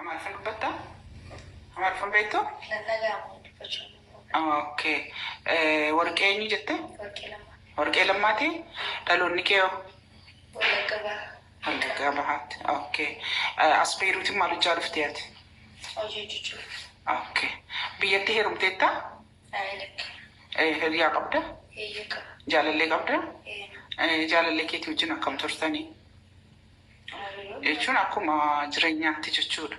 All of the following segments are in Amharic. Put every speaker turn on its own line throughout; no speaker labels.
አማልፈንበታ አማልፈን ቤቶ ኦኬ ወርቄ ኙ ጀተ
ወርቄ ለማቴ ዳሎኒ ኬዮ ወለጋ ባሀት ኦኬ
አስፔሩቲ ማሉጃ ዱፍትያት ኦኬ ብየቲ ሄሩምቴታ ህሪያ ቀብደ jaalallee
qabda jaalallee keetii
wajjin akkam turtanii jechuun akkuma jireenyaatti jechuudha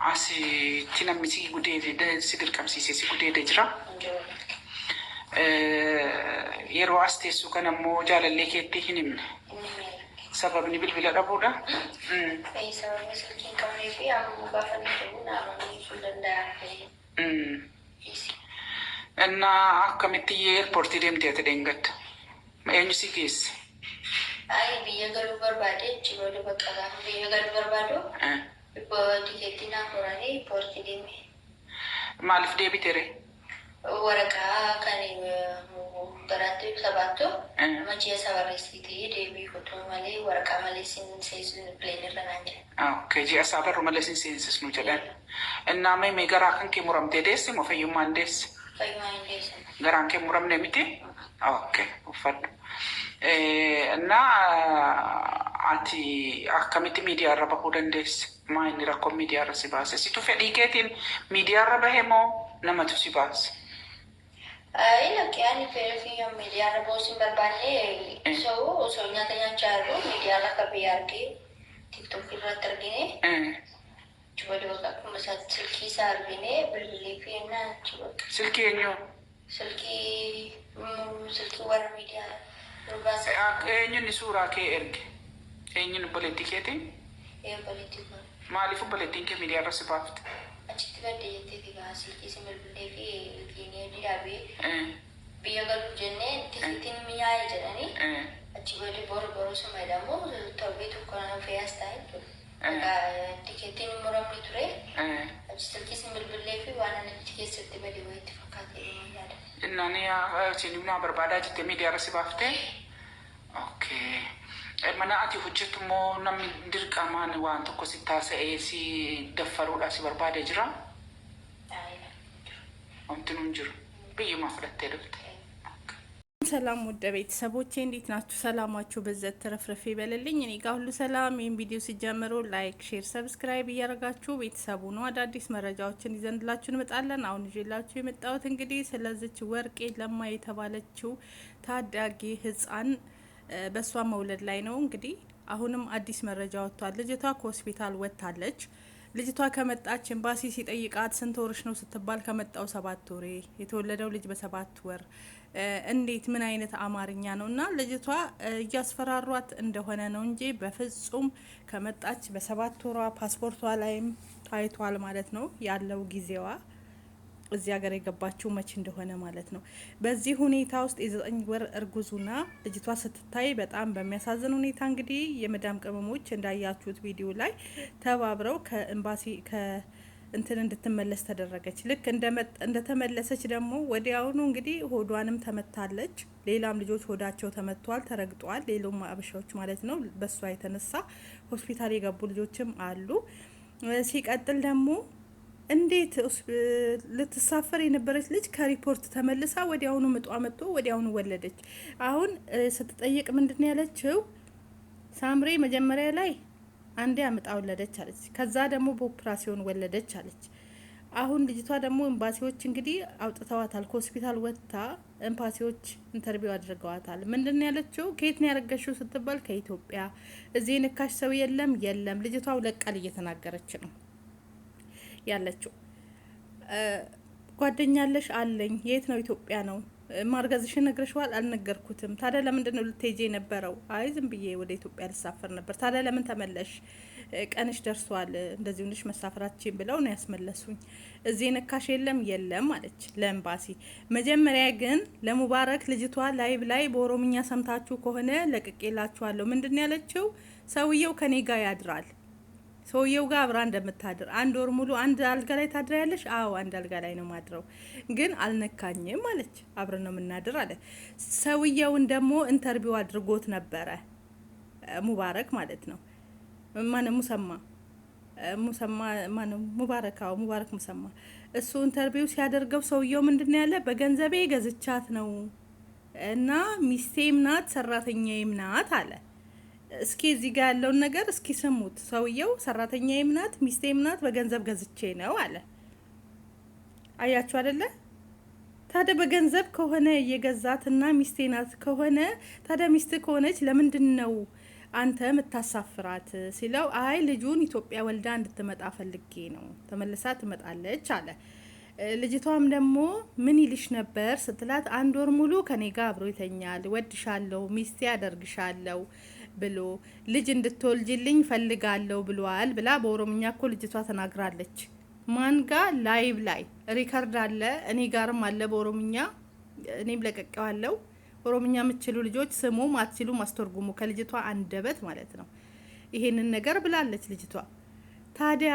asitti namni si gudeedee eh, mm. mm. si dirqamsiisee jira. Yeroo as teessu kan ammoo jaalallee keetti hin himne. Sababni bilbila dhabuudha. Sababni
silkii qabnee fi haamuu gaafa nuti dhaabanii sun
danda'an. እና አከምት ኤርፖርት ደምት የተደንገት eenyu si geesse?
Biyya galuu barbaade, jiroota bakka gaafa biyya galuu barbaadu. Eh. بوديكتنا قراني بورتيديمي
مالف دي بيتري
ورقة كان براتي سباتو ما جي سبارسيتي دي بي كتو مالي ورقة مالي سين سيسن بلين رنانجي
آه كي جي أسابر مالي سين سين سيسنو جلان إنما ميغرا كان كي مرمتي ديسي مفيومان ديسي garaan kee muramne miti? Oke, uffadhu. Naa ati akkamitti miidiyaarra bahuu dandeesse? rako media rasi bas si baase? fedi ketin media raba hemo nama tu si baase?
Ilakki ani feerfiyyoon miidiyaarra so barbaanne sa'u osoo nyaata nyaachaa jiru miidiyaarra akka biyya argee tiktookii irratti argine eh. jiba jiba akkuma isaatti silkii isaa argine beli fi ennaa silki Silkii silki Silkii media warra eh ah,
Eenyuun eh, suuraa kee erge? Eenyuun obboleettii keetii?
Obboleettii kun.
Maaliif obboleettiin kee miidiyaa irra si baafte?
Achitti badde jettee fi baasii ciisi milbilee fi ilkiinii adii dhaabee biyya eh. galu jennee tikittiin eh. miyaa'e jedhanii eh. achi badee boru boru suma jedhamu torbee tokko nama fe'as ta'e jechuudha. Tikittiin muramni ture. Achi ciisi milbilee fi waan ani achi keessatti badee wayitti fakkaatee deemu yaada.
Innaan isin humnaa barbaadaa jettee miidiyaa irra si baaftee? Okay. manaa ati namni dirqamaan waan tokko si taasa'ee si daffaruudhaaf si barbaade jira. nuun jiru biyyuma fudhattee dhulte.
ሰላም ወደ ቤተሰቦቼ እንዴት ናችሁ? ሰላማችሁ በዘት ተረፍረፌ ይበልልኝ። እኔ ጋር ሁሉ ሰላም። ይህን ቪዲዮ ሲጀምሩ ላይክ፣ ሼር፣ ሰብስክራይብ እያደረጋችሁ ቤተሰቡ ነው አዳዲስ መረጃዎችን ይዘንላችሁ እንመጣለን። አሁን ይዤላችሁ የመጣሁት እንግዲህ ስለዚች ወርቄ ለማ የተባለችው ታዳጊ ህጻን በእሷ መውለድ ላይ ነው። እንግዲህ አሁንም አዲስ መረጃ ወጥቷል። ልጅቷ ከሆስፒታል ወጥታለች። ልጅቷ ከመጣች ኤምባሲ ሲጠይቃት ስንት ወርሽ ነው ስትባል ከመጣው ሰባት ወሬ የተወለደው ልጅ በሰባት ወር እንዴት ምን አይነት አማርኛ ነው? እና ልጅቷ እያስፈራሯት እንደሆነ ነው እንጂ በፍጹም ከመጣች በሰባት ወሯ ፓስፖርቷ ላይም ታይቷል ማለት ነው ያለው ጊዜዋ እዚህ ሀገር የገባችው መቼ እንደሆነ ማለት ነው። በዚህ ሁኔታ ውስጥ የዘጠኝ ወር እርጉዙና ልጅቷ ስትታይ በጣም በሚያሳዝን ሁኔታ እንግዲህ የመዳም ቅመሞች እንዳያችሁት ቪዲዮ ላይ ተባብረው ከኤምባሲ እንትን እንድትመለስ ተደረገች። ልክ እንደተመለሰች ደግሞ ወዲያውኑ እንግዲህ ሆዷንም ተመታለች። ሌላም ልጆች ሆዳቸው ተመቷል፣ ተረግጧል። ሌሎም አበሻዎች ማለት ነው። በሷ የተነሳ ሆስፒታል የገቡ ልጆችም አሉ። ሲቀጥል ደግሞ እንዴት ልትሳፈር የነበረች ልጅ ከሪፖርት ተመልሳ ወዲያውኑ ምጧ መጥቶ ወዲያውኑ ወለደች። አሁን ስትጠየቅ ምንድን ያለችው ሳምሬ መጀመሪያ ላይ አንዴ አምጣ ወለደች አለች። ከዛ ደግሞ በኦፕራሲዮን ወለደች አለች። አሁን ልጅቷ ደግሞ ኤምባሲዎች እንግዲህ አውጥተዋታል። ከሆስፒታል ወጥታ ኤምባሲዎች ኢንተርቪው አድርገዋታል። ምንድን ያለችው? ከየት ነው ያረገሽው ስትባል ከኢትዮጵያ። እዚህ ንካሽ ሰው የለም የለም። ልጅቷ ለቃል እየተናገረች ነው። ያለችው። ጓደኛ አለሽ? አለኝ። የት ነው? ኢትዮጵያ ነው። ማርገዝሽን ነግረሽዋል? አልነገርኩትም። ታዲያ ለምንድን ነው ልትሄጂ የነበረው? አይ ዝም ብዬ ወደ ኢትዮጵያ ልሳፈር ነበር። ታዲያ ለምን ተመለሽ? ቀንሽ ደርሷል፣ እንደዚህ ሆነሽ መሳፈራችን ብለው ነው ያስመለሱኝ። እዚህ ነካሽ የለም የለም አለች ለኤምባሲ። መጀመሪያ ግን ለሙባረክ ልጅቷ ላይቭ ላይ በኦሮምኛ ሰምታችሁ ከሆነ ለቅቄላችኋለሁ። ምንድን ያለችው? ሰውየው ከኔ ጋር ያድራል ሰውየው ጋር አብራ እንደምታድር አንድ ወር ሙሉ አንድ አልጋ ላይ ታድራ ያለሽ? አዎ አንድ አልጋ ላይ ነው ማድረው፣ ግን አልነካኝም አለች። አብረን ነው የምናድር አለ። ሰውየውን ደግሞ ኢንተርቪው አድርጎት ነበረ ሙባረክ ማለት ነው። ማነ ሙሰማ ሙሰማ ማነ ሙባረክ፣ አዎ ሙባረክ ሙሰማ። እሱ ኢንተርቪው ሲያደርገው ሰውየው ምንድን ያለ በገንዘቤ ገዝቻት ነው እና ሚስቴም ናት ሰራተኛዬም ናት አለ እስኪ እዚህ ጋር ያለውን ነገር እስኪ ስሙት። ሰውየው ሰራተኛዬም ናት ሚስቴም ናት በገንዘብ ገዝቼ ነው አለ። አያችሁ አደለ? ታዲያ በገንዘብ ከሆነ የገዛትና ሚስቴ ናት ከሆነ ታዲያ ሚስት ከሆነች ለምንድን ነው አንተ የምታሳፍራት ሲለው፣ አይ ልጁን ኢትዮጵያ ወልዳ እንድትመጣ ፈልጌ ነው፣ ተመልሳ ትመጣለች አለ። ልጅቷም ደግሞ ምን ይልሽ ነበር ስትላት፣ አንድ ወር ሙሉ ከኔ ጋር አብሮ ይተኛል፣ ወድሻለሁ፣ ሚስቴ ያደርግሻለሁ ብሎ ልጅ እንድትወልጅልኝ ፈልጋለሁ ብሏል ብላ በኦሮምኛ እኮ ልጅቷ ተናግራለች። ማንጋ ላይቭ ላይ ሪከርድ አለ፣ እኔ ጋርም አለ በኦሮምኛ እኔም ለቀቀዋለሁ። ኦሮምኛ የምትችሉ ልጆች ስሙ፣ ማትችሉ ማስተርጉሙ ከልጅቷ አንደበት ማለት ነው። ይሄንን ነገር ብላለች ልጅቷ ታዲያ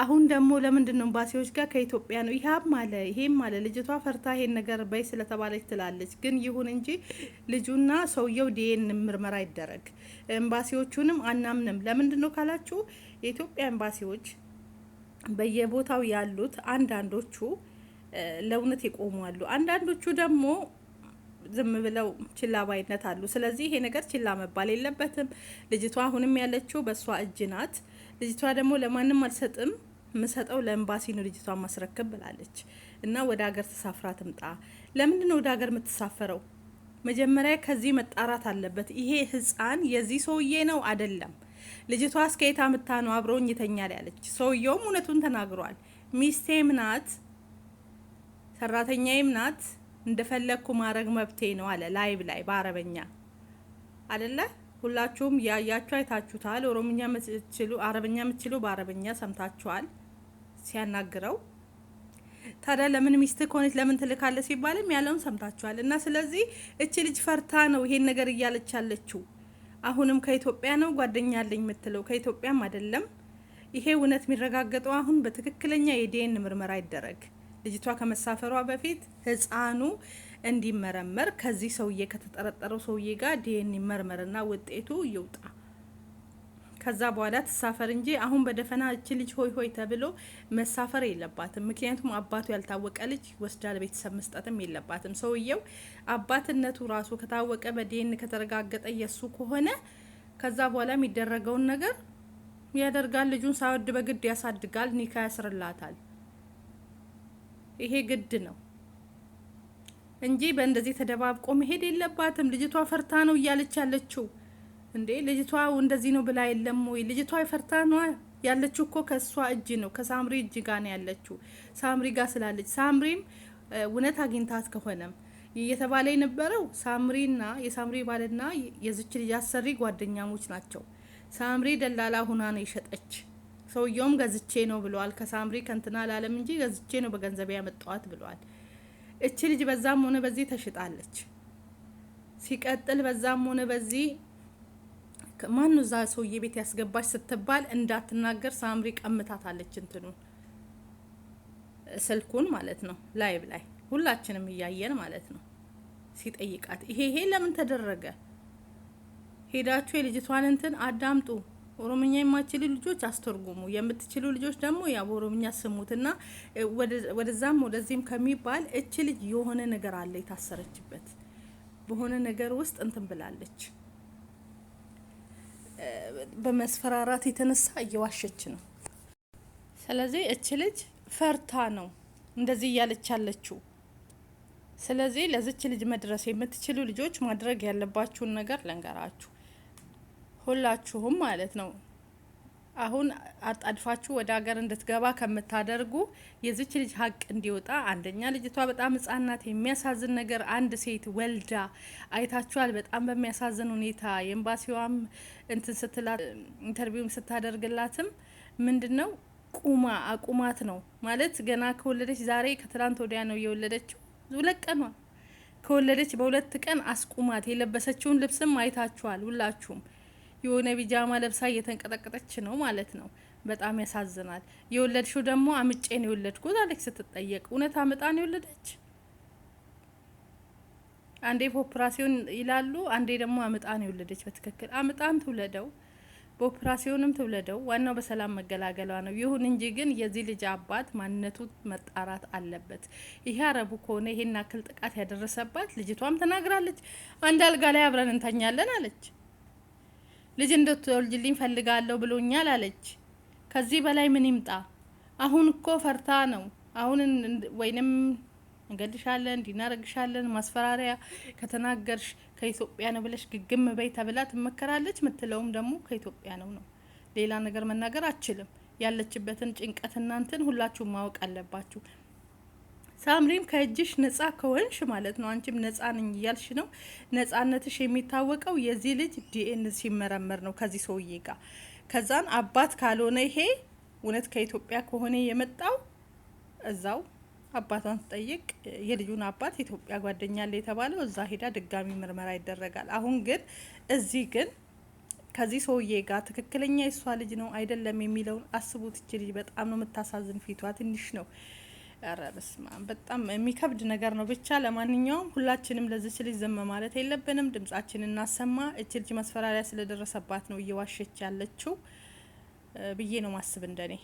አሁን ደግሞ ለምንድን ነው ኤምባሲዎች ጋር ከኢትዮጵያ ነው ይሄም አለ ይሄም አለ ልጅቷ ፈርታ ይሄን ነገር በይ ስለተባለች ትላለች። ግን ይሁን እንጂ ልጁና ሰውየው ዲኤን ምርመራ ይደረግ። ኤምባሲዎቹንም አናምንም። ለምንድን ነው ካላችሁ የኢትዮጵያ ኤምባሲዎች በየቦታው ያሉት አንዳንዶቹ ለእውነት ይቆሙ አሉ፣ አንዳንዶቹ ደግሞ ዝም ብለው ችላ ባይነት አሉ። ስለዚህ ይሄ ነገር ችላ መባል የለበትም። ልጅቷ አሁንም ያለችው በእሷ እጅ ናት። ልጅቷ ደግሞ ለማንም አልሰጥም ምሰጠው ለኤምባሲ ነው ልጅቷ ማስረከብ ብላለች። እና ወደ ሀገር ተሳፍራ ትምጣ። ለምንድን ነው ወደ ሀገር የምትሳፈረው? መጀመሪያ ከዚህ መጣራት አለበት። ይሄ ህፃን የዚህ ሰውዬ ነው አይደለም። ልጅቷ እስከየታ ምታ ነው አብረውኝ ይተኛል ያለች። ሰውየውም እውነቱን ተናግሯል። ሚስቴም ናት ሰራተኛዬም ናት እንደፈለግኩ ማድረግ መብቴ ነው አለ። ላይብ ላይ በአረበኛ አደለ ሁላችሁም ያያችሁ አይታችሁታል። ኦሮምኛ ምትችሉ አረብኛ ምትችሉ በአረብኛ ሰምታችኋል ሲያናግረው። ታዲያ ለምን ሚስት ከሆነች ለምን ትልካለ ሲባልም ያለውን ሰምታችኋል። እና ስለዚህ እች ልጅ ፈርታ ነው ይሄን ነገር እያለች ያለችው። አሁንም ከኢትዮጵያ ነው ጓደኛ አለኝ የምትለው ከኢትዮጵያም አይደለም። ይሄ እውነት የሚረጋገጠው አሁን በትክክለኛ የዲኤን ምርመራ ይደረግ። ልጅቷ ከመሳፈሯ በፊት ህፃኑ እንዲመረመር ከዚህ ሰውዬ ከተጠረጠረው ሰውዬ ጋር ዲኤን ይመርመርና ውጤቱ ይውጣ። ከዛ በኋላ ትሳፈር እንጂ አሁን በደፈና እች ልጅ ሆይ ሆይ ተብሎ መሳፈር የለባትም። ምክንያቱም አባቱ ያልታወቀ ልጅ ወስዳ ለቤተሰብ መስጠትም የለባትም። ሰውየው አባትነቱ ራሱ ከታወቀ በዲኤን ከተረጋገጠ የሱ ከሆነ ከዛ በኋላ የሚደረገውን ነገር ያደርጋል። ልጁን ሳይወድ በግድ ያሳድጋል። ኒካ ያስርላታል። ይሄ ግድ ነው። እንጂ በእንደዚህ ተደባብቆ መሄድ የለባትም። ልጅቷ ፈርታ ነው እያለች ያለችው እንዴ ልጅቷ እንደዚህ ነው ብላ የለም ወይ? ልጅቷ ፈርታ ነው ያለችው እኮ ከእሷ እጅ ነው ከሳምሪ እጅ ጋር ነው ያለችው። ሳምሪ ጋር ስላለች ሳምሪም እውነት አግኝታት ከሆነም እየተባለ የነበረው ሳምሪና የሳምሪ ባልና የዝች ልጅ አሰሪ ጓደኛሞች ናቸው። ሳምሪ ደላላ ሁና ነው የሸጠች። ሰውየውም ገዝቼ ነው ብለዋል። ከሳምሪ ከንትና ላለም እንጂ ገዝቼ ነው በገንዘብ ያመጣዋት ብለዋል። እቺ ልጅ በዛም ሆነ በዚህ ተሽጣለች። ሲቀጥል በዛም ሆነ በዚህ ማኑ እዛ ሰውዬ ቤት ያስገባች ስትባል እንዳትናገር ሳምሪ ቀምታታለች፣ እንትኑ ስልኩን ማለት ነው። ላይቭ ላይ ሁላችንም እያየን ማለት ነው። ሲጠይቃት ይሄ ይሄ ለምን ተደረገ? ሄዳችሁ የልጅቷን እንትን አዳምጡ። ኦሮምኛ የማችሉ ልጆች አስተርጉሙ፣ የምትችሉ ልጆች ደግሞ ያ በኦሮምኛ ስሙትና ወደዛም ወደዚህም ከሚባል እች ልጅ የሆነ ነገር አለ የታሰረችበት በሆነ ነገር ውስጥ እንትን ብላለች። በመስፈራራት የተነሳ እየዋሸች ነው። ስለዚህ እች ልጅ ፈርታ ነው እንደዚህ እያለች ያለችው። ስለዚህ ለዚች ልጅ መድረስ የምትችሉ ልጆች ማድረግ ያለባችሁን ነገር ልንገራችሁ። ሁላችሁም ማለት ነው አሁን አጣድፋችሁ ወደ ሀገር እንድትገባ ከምታደርጉ የዚች ልጅ ሀቅ እንዲወጣ፣ አንደኛ ልጅቷ በጣም ሕጻን ናት። የሚያሳዝን ነገር አንድ ሴት ወልዳ አይታችኋል። በጣም በሚያሳዝን ሁኔታ የኤምባሲዋም እንትን ስትላት ኢንተርቪውም ስታደርግላትም ምንድን ነው ቁማ አቁማት ነው ማለት ገና ከወለደች ዛሬ ከትላንት ወዲያ ነው የወለደችው። ሁለት ቀኗ ከወለደች በሁለት ቀን አስቁማት። የለበሰችውን ልብስም አይታችኋል ሁላችሁም የሆነ ቢጃማ ለብሳ እየተንቀጠቀጠች ነው ማለት ነው። በጣም ያሳዝናል። የወለድሽው ደግሞ አምጬ ነው የወለድኩት አለች ስትጠየቅ። እውነት አምጣ ነው የወለደች? አንዴ በኦፕራሲዮን ይላሉ፣ አንዴ ደግሞ አምጣ ነው የወለደች። በትክክል አምጣም ትውለደው፣ በኦፕራሲዮንም ትውለደው። ዋናው በሰላም መገላገሏ ነው። ይሁን እንጂ ግን የዚህ ልጅ አባት ማንነቱ መጣራት አለበት። ይሄ አረቡ ከሆነ ይሄን አክል ጥቃት ያደረሰባት ልጅቷም ተናግራለች። አንድ አልጋ ላይ አብረን እንተኛለን አለች። ልጅ እንድትወልጅልኝ ፈልጋለሁ ብሎኛል አለች። ከዚህ በላይ ምን ይምጣ? አሁን እኮ ፈርታ ነው። አሁን ወይንም እንገድሻለን፣ እንዲናረግሻለን፣ ማስፈራሪያ ከተናገርሽ ከኢትዮጵያ ነው ብለሽ ግግም በይ ተብላ ትመከራለች። ምትለውም ደግሞ ከኢትዮጵያ ነው ነው። ሌላ ነገር መናገር አችልም። ያለችበትን ጭንቀትና እንትን ሁላችሁም ማወቅ አለባችሁ። ሳምሪም ከእጅሽ ነጻ ከሆንሽ ማለት ነው፣ አንቺም ነጻ ነኝ እያልሽ ነው። ነጻነትሽ የሚታወቀው የዚህ ልጅ ዲኤን ሲመረመር ነው ከዚህ ሰውዬ ጋር። ከዛን አባት ካልሆነ ይሄ እውነት ከኢትዮጵያ ከሆነ የመጣው እዛው አባቷን ስጠይቅ የልጁን አባት ኢትዮጵያ ጓደኛ አለ የተባለው እዛ ሄዳ ድጋሚ ምርመራ ይደረጋል። አሁን ግን እዚህ ግን ከዚህ ሰውዬ ጋር ትክክለኛ የሷ ልጅ ነው አይደለም የሚለውን አስቡት። እች ልጅ በጣም ነው የምታሳዝን። ፊቷ ትንሽ ነው ኧረ በስመ አብ በጣም የሚከብድ ነገር ነው። ብቻ ለማንኛውም ሁላችንም ለዚች ልጅ ዝም ማለት የለብንም፣ ድምጻችን እናሰማ። እች ልጅ ማስፈራሪያ ስለደረሰባት ነው እየዋሸች ያለችው ብዬ ነው ማስብ እንደኔ